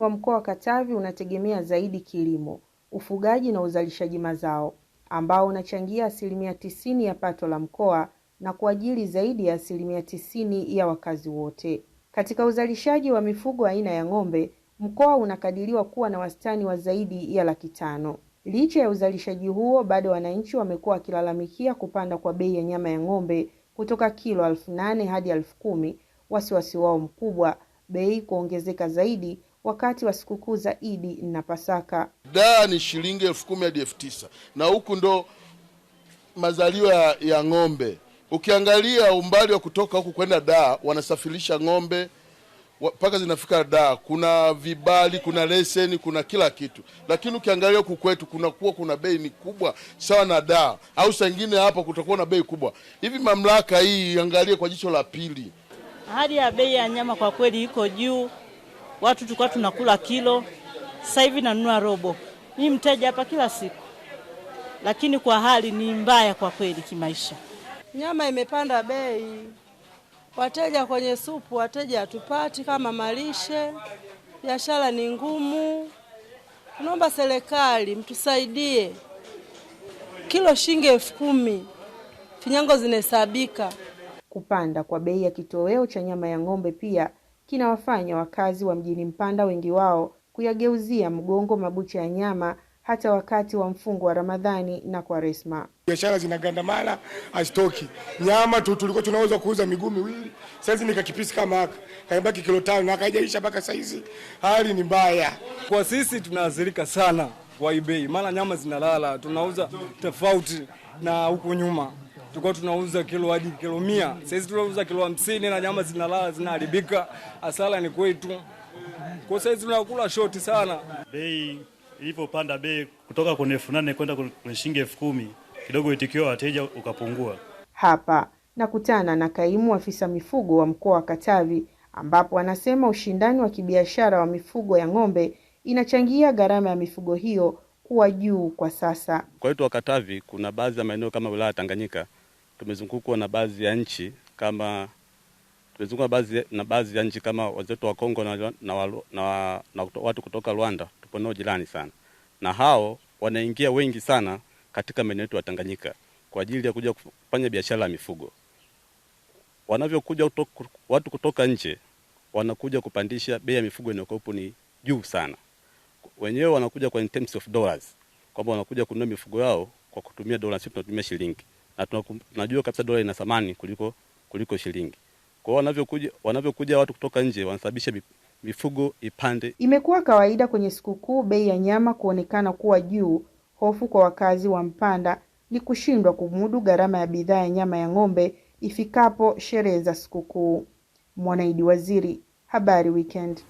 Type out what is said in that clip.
wa mkoa wa Katavi unategemea zaidi kilimo, ufugaji na uzalishaji mazao ambao unachangia asilimia tisini ya pato la mkoa na kuajiri zaidi ya asilimia tisini ya wakazi wote. Katika uzalishaji wa mifugo aina ya ng'ombe, mkoa unakadiriwa kuwa na wastani wa zaidi ya laki tano. Licha ya uzalishaji huo, bado wananchi wamekuwa wakilalamikia kupanda kwa bei ya nyama ya ng'ombe kutoka kilo elfu nane hadi elfu kumi, wasiwasi wao mkubwa bei kuongezeka zaidi wakati wa sikukuu za Idi na Pasaka. Daa ni shilingi elfu kumi hadi elfu tisa na huku ndo mazaliwa ya, ng'ombe. Ukiangalia umbali wa kutoka huku kwenda Daa, wanasafirisha ng'ombe mpaka zinafika Daa. Kuna vibali, kuna leseni, kuna kila kitu, lakini ukiangalia huku kwetu kunakuwa kuna bei ni kubwa sawa na Daa, au saa ingine hapa kutakuwa na bei kubwa hivi. Mamlaka hii iangalie kwa jicho la pili. Hali ya bei ya nyama kwa kweli iko juu, watu tulikuwa tunakula kilo, sasa hivi nanunua robo. Ni mteja hapa kila siku, lakini kwa hali ni mbaya kwa kweli kimaisha. Nyama imepanda bei, wateja kwenye supu, wateja hatupati kama malishe, biashara ni ngumu. Tunaomba serikali mtusaidie, kilo shilingi elfu kumi, finyango zinahesabika. Kupanda kwa bei ya kitoweo cha nyama ya ng'ombe pia kinawafanya wakazi wa mjini Mpanda wengi wao kuyageuzia mgongo mabucha ya nyama hata wakati wa mfungo wa Ramadhani na Kwaresma. Biashara zinagandamana, hazitoki nyama tu. Tulikuwa tunaweza kuuza miguu miwili, saizi ni kakipisi kama haka kaibaki kilo tano na kaijaisha mpaka saizi. Hali ni mbaya kwa sisi, tunaathirika sana kwa ibei, maana nyama zinalala, tunauza tofauti na huko nyuma tulikuwa tunauza kilo hadi kilo mia, saizi tunauza kilo hamsini na nyama zinalala zinaharibika. Asala ni kwetu kwa saizi tunakula shoti sana. Bei ilipopanda bei kutoka kwenye elfu nane kwenda kwenye shilingi elfu kumi kidogo itikio wateja ukapungua. Hapa nakutana na kaimu afisa mifugo wa mkoa wa Katavi ambapo anasema ushindani wa kibiashara wa mifugo ya ng'ombe inachangia gharama ya mifugo hiyo kuwa juu kwa sasa. Kwa hiyo Katavi kuna baadhi ya maeneo kama wilaya Tanganyika tumezungukwa na baadhi ya nchi kama tumezungukwa baadhi na baadhi ya nchi kama wazetu wa Kongo na, na, na, na, na watu kutoka Rwanda, tupo nao jirani sana, na hao wanaingia wengi sana katika maeneo yetu ya Tanganyika kwa ajili ya kuja kufanya biashara ya mifugo. Wanavyokuja watu kutoka nje wanakuja kupandisha bei ya mifugo inayokuwepo ni juu sana. Wenyewe wanakuja kwa in terms of dollars, kwamba wanakuja kununua mifugo yao kwa kutumia dola, sisi tunatumia shilingi na tunajua kabisa dola ina thamani kuliko, kuliko shilingi. Kwa hiyo wanavyokuja, wanavyokuja watu kutoka nje wanasababisha mifugo ipande. Imekuwa kawaida kwenye sikukuu bei ya nyama kuonekana kuwa juu. Hofu kwa wakazi wa Mpanda ni kushindwa kumudu gharama ya bidhaa ya nyama ya ng'ombe ifikapo sherehe za sikukuu. Mwanaidi Waziri, Habari Weekend.